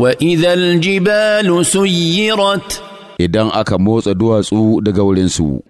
wa idhal jibalu suyirat idan aka motsa duwatsu daga wurin su.